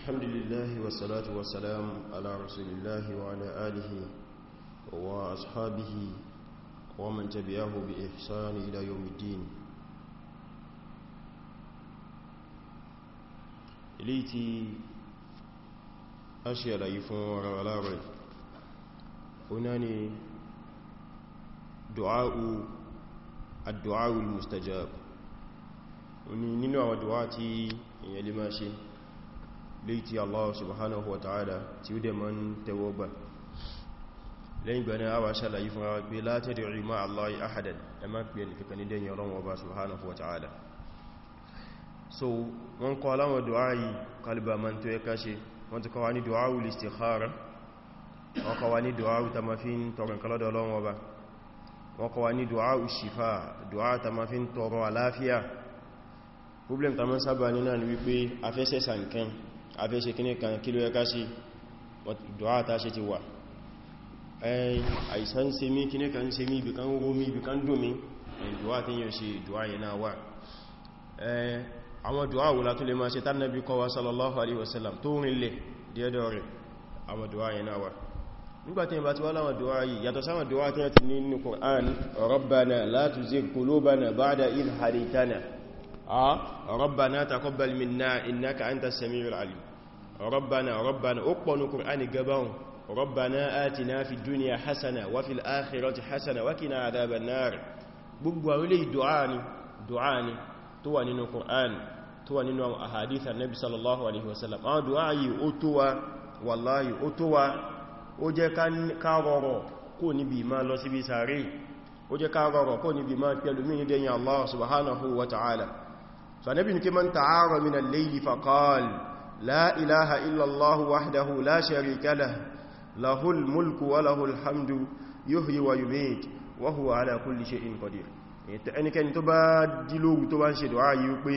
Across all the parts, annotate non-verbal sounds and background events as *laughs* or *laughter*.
الحمد لله والصلاة والسلام على رسول الله وعلى آله وأصحابه ومن تبعه بإحسان إلى يوم الدين إليتي أشياء لا يفون ولا رأي هناني دعاء الدعاء المستجاب ونينو ودعاتي يلي ماشي léètí Allah subhanahu wa ta'ala tí ó dẹ̀ mọ́ ń tẹwọ́ gbà lẹ́yìn gbẹ̀rẹ̀ àwà ṣàlàyé fún àwọn pé la tad'u ma'a Allahi ahadan ẹ má pè ní kankan ní dẹ̀yìn ọlọ́run subhanahu wa ta'ala so wọ́n kọ́ aláwọ̀ du'a yìí kalba man tó yẹ káṣe wọ́n ti kọ́ wa ní du'a wul istikhara wọ́n kọ́ wa ní du'a ta ma fi ń tọrọ nǹkan lọ́dọ̀ ọlọ́run ọba wọ́n kọ́ wa ní du'a shifa du'a ta ma fi ń tọrọ àláfíà problem ta mọ́ sábà nínú wípé afẹ́sẹ̀sà nǹkan afẹ́ṣe kí ní kan kí ló yẹ ká ṣe dùá ta ṣe ti wà àìsàn ṣe mí kí ní kan ṣe mí ibi kan rú mí ibi kan dùn mí dùá tí yóò ṣe dùá yẹn náà wà àwọn dùá wùlá tó lè máa ṣe tánàbí kọwa sallallahu alaihi wasallam tó rinlẹ̀ díẹ̀dọ̀ rẹ̀ àwọn dùá yẹn náà wà nígbàtí ìbá ti wá láwọn dùá ربنا ربنا أقبل قرآن قبان ربنا آتنا في الدنيا حسنة وفي الآخرة حسنة وكنا عذاب النار gbogbo àwọn ilé ìdùáni dùáni tó wà nínú Kùránì tó wà nínú àwọn àhàdíthà Nabi sallallahu alaihi wasallam àwọn dùáyì ó tó wa wàláyì ó tó wa ó jẹ́ ká rọrọ̀ kó níbi ma lọ síbi sàárè ó jẹ́ ká ta'ara min al-layli faqala لا إله إلا الله وحده لا شريك له له الملك وله الحمد يحيي ويميت وهو على كل شيء قدير ẹnikẹni tó bá dílógún tó bá ń ṣe dùá yìí pé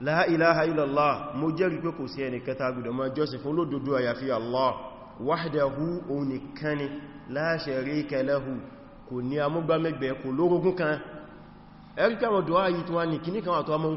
la ilaha illallah mo jẹ́rìí pé kò sí ẹnìkan tá a gbọ́dọ̀ máa jọ́sìn fún lódodo àyàfi Allah wahdahu onikani la sharika lahu kò ní amúgbámẹ́gbẹ̀ kò lórogún kan ẹ̀rí káwọn dùá yìí tó wá ní kíníkan àtọ́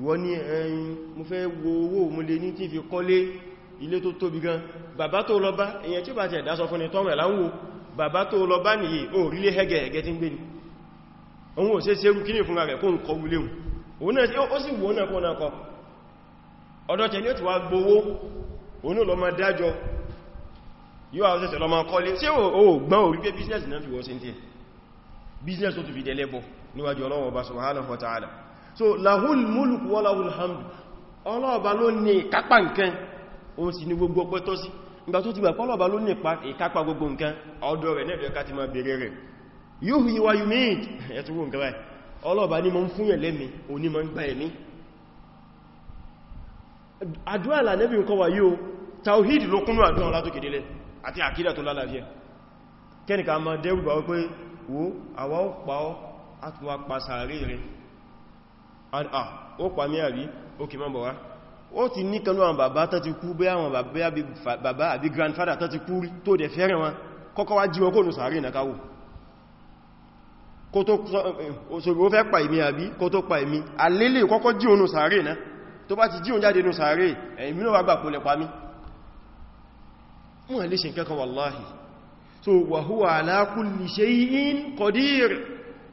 ìwọ ní ẹ̀yìn mo fẹ́ wo owó mo lè ní tí fi kọ́lé ilé tó tóbi gan bàbá tó lọ bá èyàn tí bá ti ẹ̀dá sọ fún ni tọ́rọ ẹ̀láwò bàbá tó lọ bá nìyí ó rílé hẹ́gẹ̀ ẹ̀gẹ́ tí ń gbé ni òun ò ṣe ṣe rú kíní fúnra rẹ̀ kó ń kọ wulé òun ó sì wò náà kó náà kọ ọ̀dọ̀ tẹ̀ ní ó ti wá gbowó so lahul mulk wa lahul hamd ọlọ́ọ̀bá ló ní ìkápá nǹkan òun sì ní gbogbo ọpẹ́ tọ́ sí ìgbà tó ti gbà pọ́lọ̀ọ̀bá ló ní ìkápá gbogbo nǹkan ọdọ́ rẹ̀ nẹ́bẹ̀ẹ́ ká máa bèèrè rẹ̀ yuhyi wa yumiit *laughs* ẹ̀tùgbò nǹkan báyìí ọlọ́ọ̀bá ní mọ́ ń fún ẹ̀lẹ́mi òní mọ́ nǹkan tawhid ló kúnnú àdúrà látòkè délẹ̀ àti àkídà tó lálàáfíà kẹ́nìkà máa dẹ́rù bà wípé wo àwa ó pa ọ́ rẹ̀ ah ó pa mí àrí òkè mọ́ bọ̀ wá ó ti ní kanú àwọn bàbá tó ti kú bí àwọn bàbá àbí grandfather tó ti kú tó dẹ̀ fẹ́rẹ̀ wọn kọ́kọ́ wá jí wọn nù sàárè ìnàkáwò eh, eh, kó tó pa ìmí àbí kọ́kọ́ jí onú sàárè náà tó bá ti jí jáde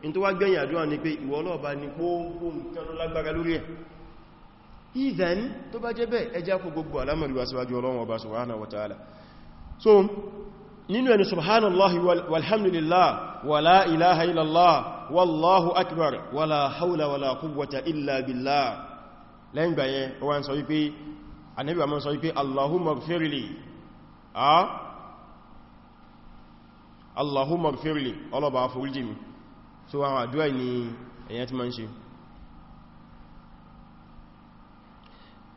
in tó wá gbẹ̀yìn àdúwà ní pé ìwọ ọlọ́ọ̀bá ní pọ́ọ̀pọ̀ nǹkan ló lágbára lórí ẹ̀ ìdẹ̀n tó bá jẹ́ bẹ́ẹ̀ ẹjá kó gbogbo alámọ̀ríwá síwájú ọlọ́run ọba subhanahu wa ta'ala so nínú ẹni subhanallahi walhamdulillah wala ilaha illallah wallahu akbar wala hawla wala quwwata illa billah lẹ́yìn gbàyẹ wọ́n sọ wípé anẹ́bí wọ́n sọ allahumma gfirli ah allahumma gfirli ọlọ́ba foríjì so àwọn àdúwà ní èyàn tí ma ń ṣe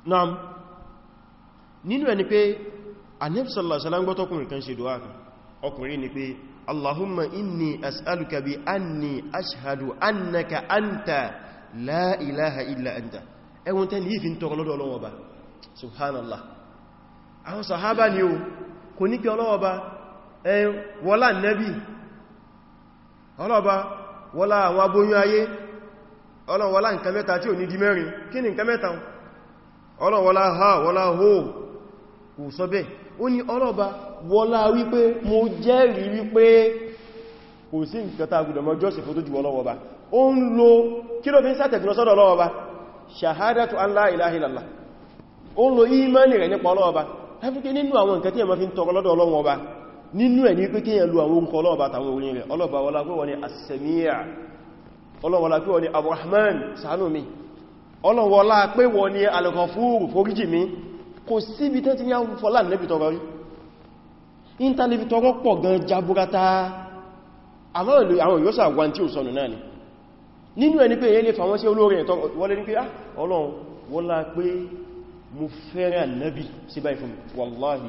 náà nínú ẹni pé Ànábì sallallahu alaihi wasallam gbọ́ tọ́kùnrin kan ṣe dùwà kan ọkùnrin ni pé allahumma inni as'aluka bi anni ashhadu annaka anta la ilaha illa anta ẹwọ́n tẹ́ ní ìfin tọrọ lọ́dọ̀ Ọlọ́hun Ọba subhanallah àwọn sàhábà ni o kò ní kí Ọlọ́hun ẹ wọ́lá nẹ́bí Ọlọ́hun wọ́lá àwọn abóyún ayé ọlọwọla nkà nǹkan mẹ́ta tí ò ní di mẹ́rin kí ni nǹkan mẹ́ta ọlọ́run ha wọ́lá ho kò sọ bẹ́ ó ní ọlọ́ba wọ́lá wípé mo jẹ́rìí wípé kò sí nǹkan tá gbọ́dọ̀ mọ́ tó lo kí ló fi ń sàtẹ̀gbìnà nínú ẹ̀ ní pé kí yẹn lu àwọn orúkọ ọlọ́ọ̀bá àtàwọn orin rẹ̀ ọlọ́ọ̀bá wọlá pé wọ́n ni asẹ̀míyà ọlọ́wọ́lá pé wọ́n ni abrahman ṣàánú ọlọ́wọ́lá pé wọ́n ni alkafuru foríjì mi kò síbi tẹ́ ti ní àwọn fọ́lá nílẹ̀ bitọrọ rí intanẹ̀bí tọrọ pọ̀ gan jaburata àwọn yóò ni nínú ẹni pé èyẹ́ lè fàwọn sí wallahi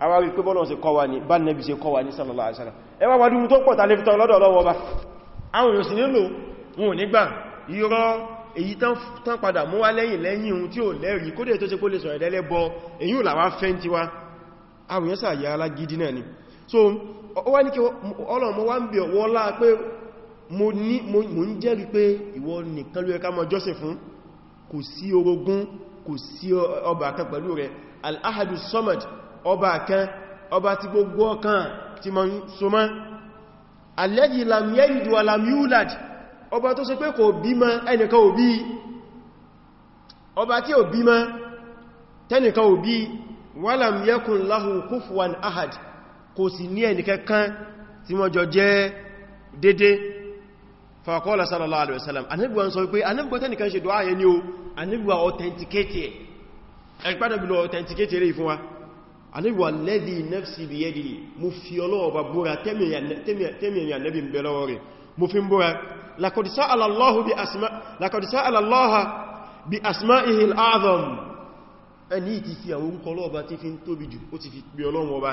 àwa rí pé bọ́lọ̀ ṣe kọ́ wa ní bá nẹ́bí ṣe kọ́ wa ní sallallahu alaihi wasallam ẹwà wàdí tó pọ̀ta lẹ́fẹ́ tọ́lọ́dọ̀ lọ́wọ́ bá àwọn èèyàn sì nílò wọn ò nígbà irọ́ èyí tán padà mú wá lẹ́yìn lẹ́yìn ohun tí ó lẹ́rìí kódé tó ṣe kó lè sọ̀rọ̀ ẹ̀dẹ́lẹ́ bọ èyí ò làwá fẹ́ ti wá àwọn èèyàn sàyà alágídí náà ni so ó wá ní kí ọlọ́mọ wá ń bẹ̀ wọ́lá pé mo ń jẹ́rìí pé ìwọ nìkan ló yẹ ká mọ jọ́sìn fún kò sí orogún kò sí ọba kan pẹ̀lú rẹ̀ al-ahadu samad ọba kan ọba tí gbogbo ọkàn tí ma ń so mọ́ alladhi lam yalid wa lam yulad ọba tó ṣe pé kò bímọ ẹnìkan ò ọba tí ò bímọ tẹ́nìkan ò bí wa lam yakun lahu kufuwan ahad kò sì ní ẹnìkan kan tí wọ́n jọ jẹ́ dédé fàkọ́lá sallallahu alaihi wasallam anábíwa ń sọ pé anábíwa tẹ́nìkan ṣe dọ́ ààyẹ ni ó anábíwa authenticate ẹ̀ ẹ̀pádàbí lọ authenticate rẹ̀ fún àníwà lẹ́dí nẹ́fsì bí yẹ́dì mú fi ọlọ́ọ̀bá búra tẹ́mìyàn ànẹ́bì ń bẹ̀lọ́wọ́ rẹ̀ mú fi ń búra lakọ̀dìsá alàlọ́ha bí asmá ihil adam ẹni ti fi àwọn kọlọ́ọ̀bá tí fi ń tóbi jù ó ti fi pè ọlọ́wọ́ba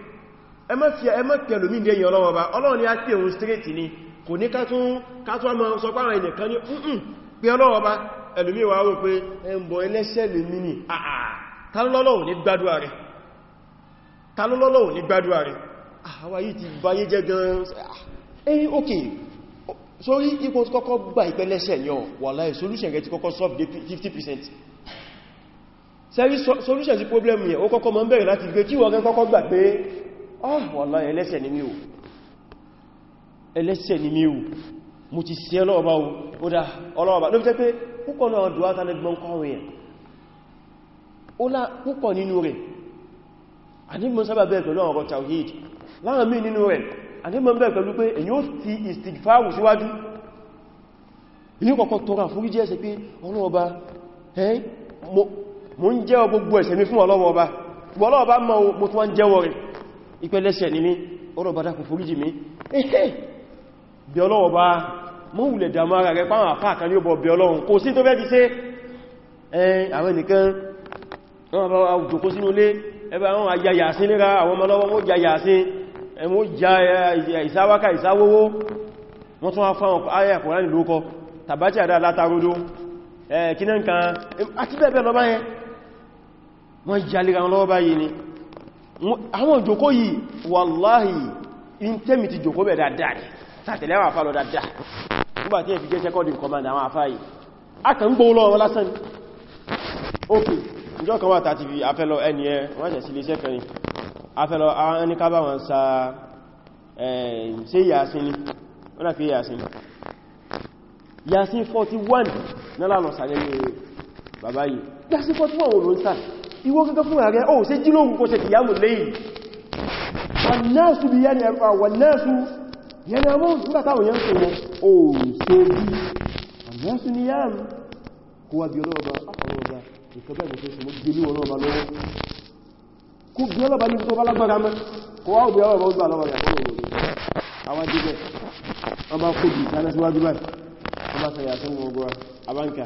ẹmọ́ pẹ̀lú mí dẹ̀yìn ọlọ́wọ́ bá ọlọ́run ni a pè òun straight ni kò ní kátọ́ ma sọ pàwọn ènìyàn kan ní ǹkan pé ọlọ́wọ́ bá ẹlùmí wà rò pé ẹmbọ̀ ẹlẹ́ṣẹ̀ lè mí ní tàlọ́lọ́wọ́ ní gbádùá rẹ̀ àwa yìí ti báyé jẹ́ gan ẹ̀yìn òkè sórí ipò kọ́kọ́ gbà ìpẹ́lẹ́ṣẹ̀ yàn wàláhì solution rẹ̀ ti kọ́kọ́ solve 50% sẹ́rí solution sí problem yẹn ó kọ́kọ́ mọ́ bẹ̀rẹ̀ láti gbé kí wọ́n rẹ̀ kọ́kọ́ gbà pé Ah, wallahi ẹlẹ́ṣẹ̀ ni mí o ẹlẹ́ṣẹ̀ ni mí o mo ti ṣẹ̀ ọlọ́ọ̀bá o ó dá ọlọ́ọ̀bá ló fi jẹ́ pé púpọ̀ náà dùwá tánẹ́gbọ́n kọwọ́ èèyàn ó lá púpọ̀ nínú rẹ̀ àníbọn sábà bẹ́ẹ̀ pẹ̀lú àwọn ọ̀rọ̀ tawhid láàrín mí nínú rẹ̀ àníbọn bẹ́ẹ̀ pẹ̀lú pé èyí ó ti istighfaru síwájú ilé kọ̀kọ́ tọrọ àforíjì ẹ̀ṣẹ̀ pé ọlọ́ọ̀bá mo ń jẹ́wọ́ gbogbo ẹ̀ṣẹ̀ mi fún ọlọ́ọ̀bá ọlọ́ọ̀bá mọ́ mo tún wá ń jẹ́wọ́ rẹ̀ ipẹ́ lẹ́ṣẹ̀ ní mí ọ̀rọ̀ bá dákùn foríjì mí ẹ̀ẹ́ bí ọlọ́wọ̀ bá mọ́ wùlẹ̀ dàmọ́ ara rẹ̀ páwọn àpá kan ní ọbọ̀ bí ọlọ́run kò sí tó bẹ́ fi ṣe àwọn ẹnìkan wọ́n bá jòkó sínú ilé ẹbẹ́ àwọn ayayàsín lera àwọn ọmọ lọ́wọ́ wọ́n jayàsín wọ́n ja ìsáwákà ìsáwówó wọ́n tún wá fáwọn ayà kòránì lókọ tàbátì báyìí ni àwọn ìjòkó yìí wàláhì in tẹ́mì ti jòkó bẹ̀ dáadáa rẹ̀ tàtẹ̀lẹ́ àwọn àfá lọ dáadáa nígbà tí ẹ fi jẹ́ secondary command àwọn àfá yìí a kàn ń gbóó lọ́wọ́ lásán ok ìjọ kan wà tàti fi afẹ́lọ ẹni ẹ wọ́n ṣẹ̀ sí iléeṣẹ́ kan yìí afẹ́lọ ẹni ká bá wọn sa ṣe yasin ni wọ́n náà fi yasin yasin 41 nílànà sàlẹ̀ bàbá yìí yasin 41 olóńsàn ìwọ gẹ́gẹ́ fún ààrẹ ó ṣe jílòun kó ṣe kìyàmù lẹ́yìn wọ̀nẹ́sù bí yẹni ẹ̀rọ wọ̀nẹ́sù yẹni ọmọ nígbàtàwọn yẹn tó wọn ó ṣe bí wọ̀nẹ́sù ni yẹn kó wà bí ọlọ́ọ̀bá àkọlọ́ọ̀bá ìkọbẹ̀ ìgbẹ̀ ṣe mọ́ gbẹ̀lú ọlọ́ọ̀bá lọ́wọ́ kó bí ọlọ́ọ̀bá ní tó bá lágbára mẹ́ kó wá òbí ọlọ́ọ̀bá ó gbà lọ́wọ́ rẹ̀ àwọn jíjẹ́ ọba kó bí ìtànẹ́síwájú báyìí ọba sẹ̀yà tó ń wọ́n gbọ́ra abáǹkà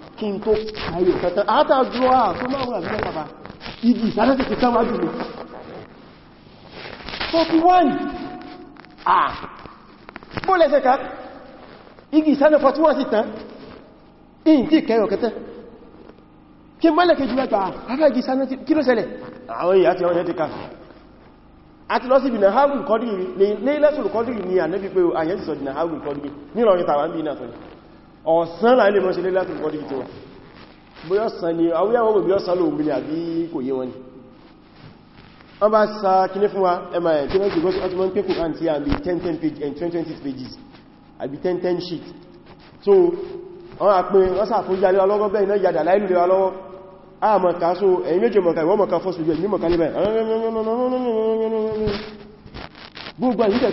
kí n tó ayò kẹta àtàjọ àà tó márùn àbí mẹ́tàbà ìdí ìsànẹ́sẹ̀ ti tán wájú lọ 41 àà bó lẹ́sẹ̀ ká igi ìsànẹ́ 41 sí tán ìyìn tí kẹyọ kẹta kí mọ́lẹ̀kẹ́ jù mẹ́ta àfẹ́ igi ìsànẹ́ kí ló ṣẹlẹ̀ àwọn èyà ti ọjọ́ ti ká àti lọ sí ibi nàhágùn kọ́dìrì ní ilẹ́sùn kọ́dìrì ní ànẹ́bí pé àyẹ́sì sọ ìdìnàhágùn kọ́dìrì ní ìrọ̀rin tàwà ń bí náà sọ́yìn ọ̀sán láì lè mọ́ sí lélátùn kọ́ dìkì tí wọ́n bóyọ́ sàn ni àwúyàwó bóyọ́ sàn ló gbìnà àbí kò yé wọn ni wọ́n bá sa kíní fún wa mil kíní kí gọ́sí ọtí wọ́n pé kò kàn a 10-10 and eh, pages 10-10 so a gbogbo tí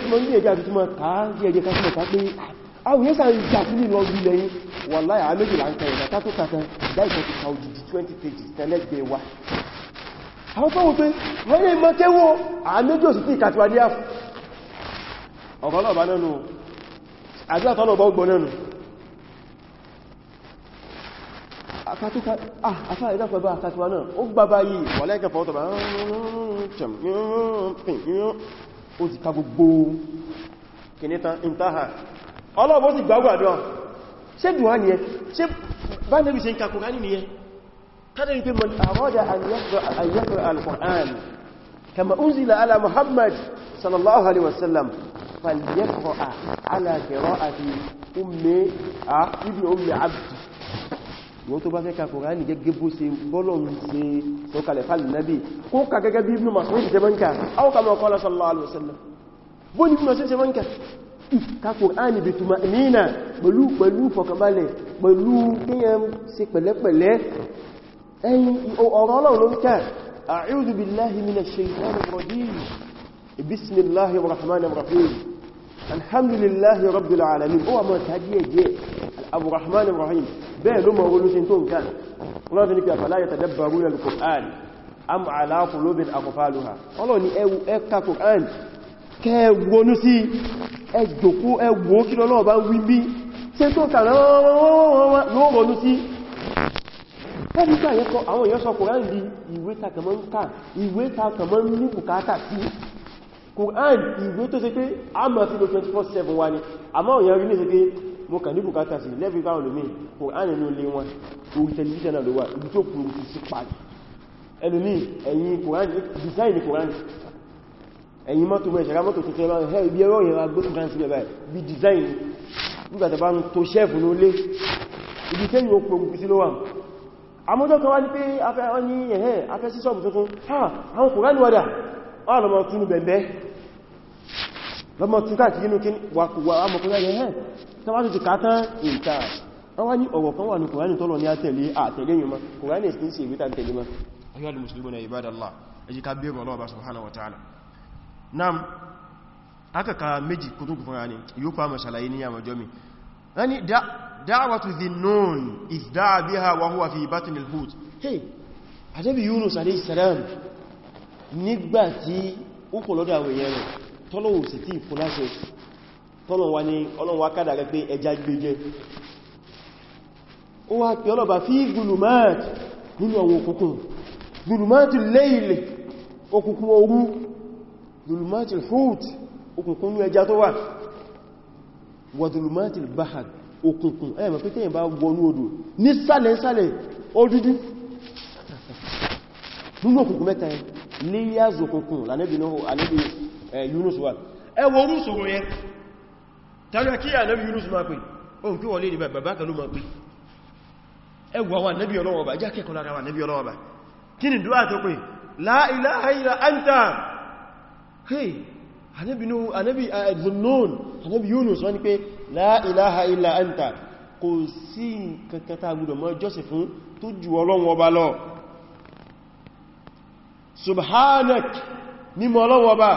ní àti tí sí àwọn yẹ́sà ń jà sílì lọ rí lẹ́yìn wà láyà àmẹ́jì láńkà ìrìnà tátó kàtà dáìsọ̀ ti kàwù jù 20 pages tẹ́lẹ́gbẹ̀ wa àwọn tó wù pé wọ́n lè mọ́ kéwò àmẹ́jì ò sì tí ìkàtíwà ní àfù ọ̀rọ̀ náà bá nẹ́nu àdúrà tọ́nà bọ́ gbọ́ nẹ́nu àfáà ìdáfẹ́ bá àkàtíwà náà ó gbàbá yìí wà lẹ́kẹ̀fọ́ tọ́bà ó ti ká gbogbo kìnnítàn intaha ọlọ́bọ̀ sì gbàgbàdúwà ṣe dùn ní ẹ ṣe bá nẹ́bí ṣe ń kàkùn ránì ní ẹ tàbí ní pé mọ̀ àwọ́dà àyẹ́kọ̀ọ́ al-Qur'an kama unzila ala Muhammad sallallahu alaihi wasallam falyaqra ala qira'ati ummi a ibn ummi abd wọ́n tó bá fẹ́ kàkùn ránì gẹ́gẹ́ bó ṣe bọ́lọ̀n ṣe sọ́kalẹ̀ fàlì nábi kó kà gẹ́gẹ́ ka Kùránì bí tuma nínà pẹ̀lú pẹ̀lú fọkànbalẹ̀ pẹ̀lú kíyàn sí pẹ̀lẹ́pẹ̀lẹ́ ẹ̀yìn ọ̀rọ̀ Ọlọ́run ló ń kà a'udhu billahi minash shaytanir rajim bismillahir rahmanir rahim alhamdulillahi rabbil alamin ó wà mọ́ tàbí ẹ̀jẹ́ aburahmanir rahim bẹ́ẹ̀ ló kẹwọnú sí ẹjòkó ẹwọ kí lọ́nà bá wí bí tí tó kà lọ́rọ̀nú sí ẹnìkà yẹ́ kọ àwọn èèyàn sọ Kùránì di ìwé takàmọ́ ń ká ìwé takàmọ́ ní bùkátà sí Kùránì ìwé tó ṣe pé a máa fi lo 24/7 wá ní àmọ́ òyìn rí ní ṣe pé mo kà ní bùkátà sí lẹ́bí báwọn lómi Kùránì ní ilé wọn orí tẹlifíṣàn náà ló wà ibi tó kùrù ti sí pàdé ẹlòmí ẹ̀yìn Kùránì design Kùránì ẹ̀yìn mọ́tò wẹ̀ ṣẹ̀rá mọ́tò tuntun ẹ̀rọ ẹ̀ ibi ẹ̀rọ ìrìnà gbóǹkan sí ẹ̀bá bí design nígbàtà bá ń tó ṣẹ́fù ló lé ibi tẹ́yìn ó pògùn sí ló wà àmójọ́ kan wá ní pé afẹ́ ọ́ní ẹ̀hẹ́ afẹ́ sí sọ́ọ̀bù tuntun àwọn kò ránì wádà ọlọ́mọ túnú bẹ̀bẹ̀ lọ́mọ ma kòránì ìsìnkú sí ìwé tàbí ma ayyọ́ alìmùsùlùmí na ibadallah nam akaka méjì kutubu fún ani yóò fa masalaye ní àmàjọ́ mi wani da'awatu is izda'a biha wa huwa fi batin al-hut hey adabi yunus alayhi salam Nigbati ó kò lọ́dọ̀ àwọn èèyàn rẹ̀ tọ́lọ̀wò sì tí ìfúnláṣẹ́ tọ́lọ̀wà ni ọlọ́wà kádà rẹ̀ pé ẹja gbẹjẹ ó wá pẹ̀ ọlọ́bà fi gùlùmáàtì nínú àwọn òkùnkùn gùlùmáàtì lẹ́ìlẹ̀ òkùnkùn orú dulumatil hut òkùnkùn ní ẹja tó wà wà dulumatil bahar òkùnkùn ẹ̀mọ̀ pé tẹ́yìn bá wọnú odò ní sàlẹ̀ sàlẹ̀ odúdú nínú òkùnkùn mẹ́ta ẹ layers òkùnkùn lànẹ́bì Yunus wà ẹwọ orúsòrò yẹn tàbí kí ànẹ́bì Yunus máa pè ohun kí wọlé ní bàbá kan ló máa pè ẹwọ àwọn ànẹ́bì ọlọ́wọ̀ bà jákẹ́kọ̀ọ́ lára àwọn ànẹ́bì ọlọ́wọ̀ bà kí ni dúà tó pè la ilaha illa anta hey anabi nu anabi adhunnun uh, anabi yunus wọ́n ní pé la ilaha illa anta kò sí nǹkan tá gbọ́dọ̀ mọ́ jọ́sìn fún tó ju Ọlọ́run ọba lọ subhanak mímọ́ Ọlọ́run ọba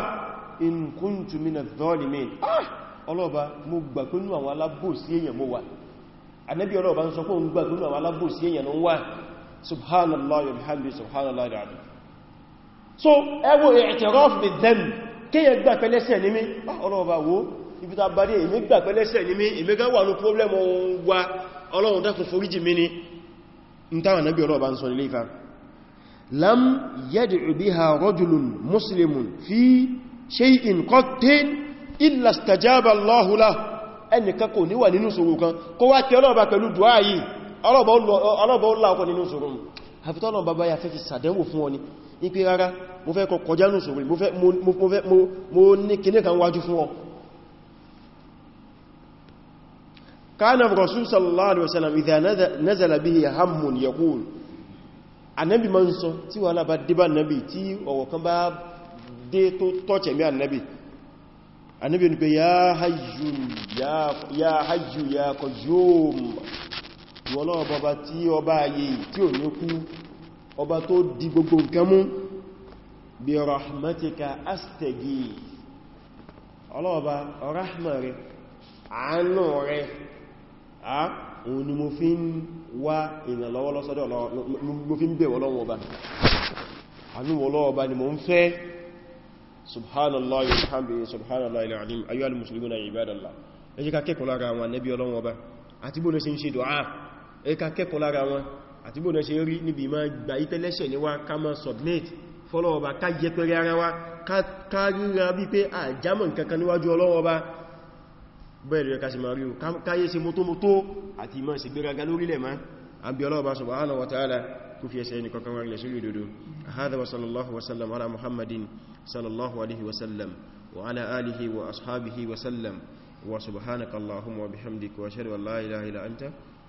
in kuntu minadh dhalimin ah ọlọ́ọ̀ba mo gbà pé nú àwọn alábòsí èèyàn mo wà anabi ọlọ́ọ̀ba ń sọ pé òun gbà pé nú àwọn alábòsí èèyàn ló ń wà subhanallah wa bihamdi subhanallah so ẹwọ i'tiraf bi dhanb kéyẹ gbà pẹ́lẹ́sẹ̀ ní mí ah, ọlọ́ọ̀bá wo ibi ta bá dé èmi gbà pẹ́lẹ́sẹ̀ ní mí èmi gá wà ní pọ́blẹ́mù wa ọlọ́run dákùn foríjì mí ní ìtawọ̀n náà bí ọlọ́ọ̀bá ń sọ nílé ìfà lam yad'u biha ha muslimun fi shay'in qattin illa fi ní pé rárá mo fẹ́ kọ kọjá ní ìṣòro mo ní kìní kan wájú fún ọ kana rasul sallallahu alaihi wasallam idha nazala bihi hammun yaqul anabi man sọ tí wàhálà bá dé bá nabi tí ọ̀wọ̀ kan bá dé tó tọ́ọ̀chẹ̀ mí anabi anabi ní pé ya hayyu ya hayyu ya qayyum wọ́lọ́wọ́ bàbá tí ọba ayé tí ò ní kú ọba tó di gbogbo nǹkan mú bí rahmatika astagif ọlọ́ọ̀bá rahma rẹ̀ àánú rẹ̀ a òun ni mo fi ń wá ìrànlọ́wọ́ lọ́sọ́dọ̀ mo fi ń bẹ̀wọ̀ lọ́wọ́ ọba àánú ọlọ́ọ̀bá ni mo ń fẹ́ subhanallah alhamdulillah subhanallah alazim ayyuhal muslimuna ibadallah ẹ jẹ́ ká kẹ́kọ̀ọ́ lára àwọn ànábì Ọlọ́run àti bóòdá ṣe rí níbi ma gba ìtẹ́lẹ́ṣẹ̀ níwá ká ma submit fọ́lọ́ọba ká yẹ pẹ̀rẹ ara wa ká ríra bí pé àjámọ̀ nkankan níwájú ọlọ́wọ́ba bẹ́ẹ̀rẹ̀ ká sì ma rí káyé ṣe mótómótó àti ma ṣe gbéraga lórílẹ̀ ma àbí ọlọ́ọba subhanahu wa ta'ala kú fi ẹsẹ̀ nìkankan wọn lẹ́sí ìdodo hadha wa sallallahu wa sallam ala muhammadin sallallahu alaihi wa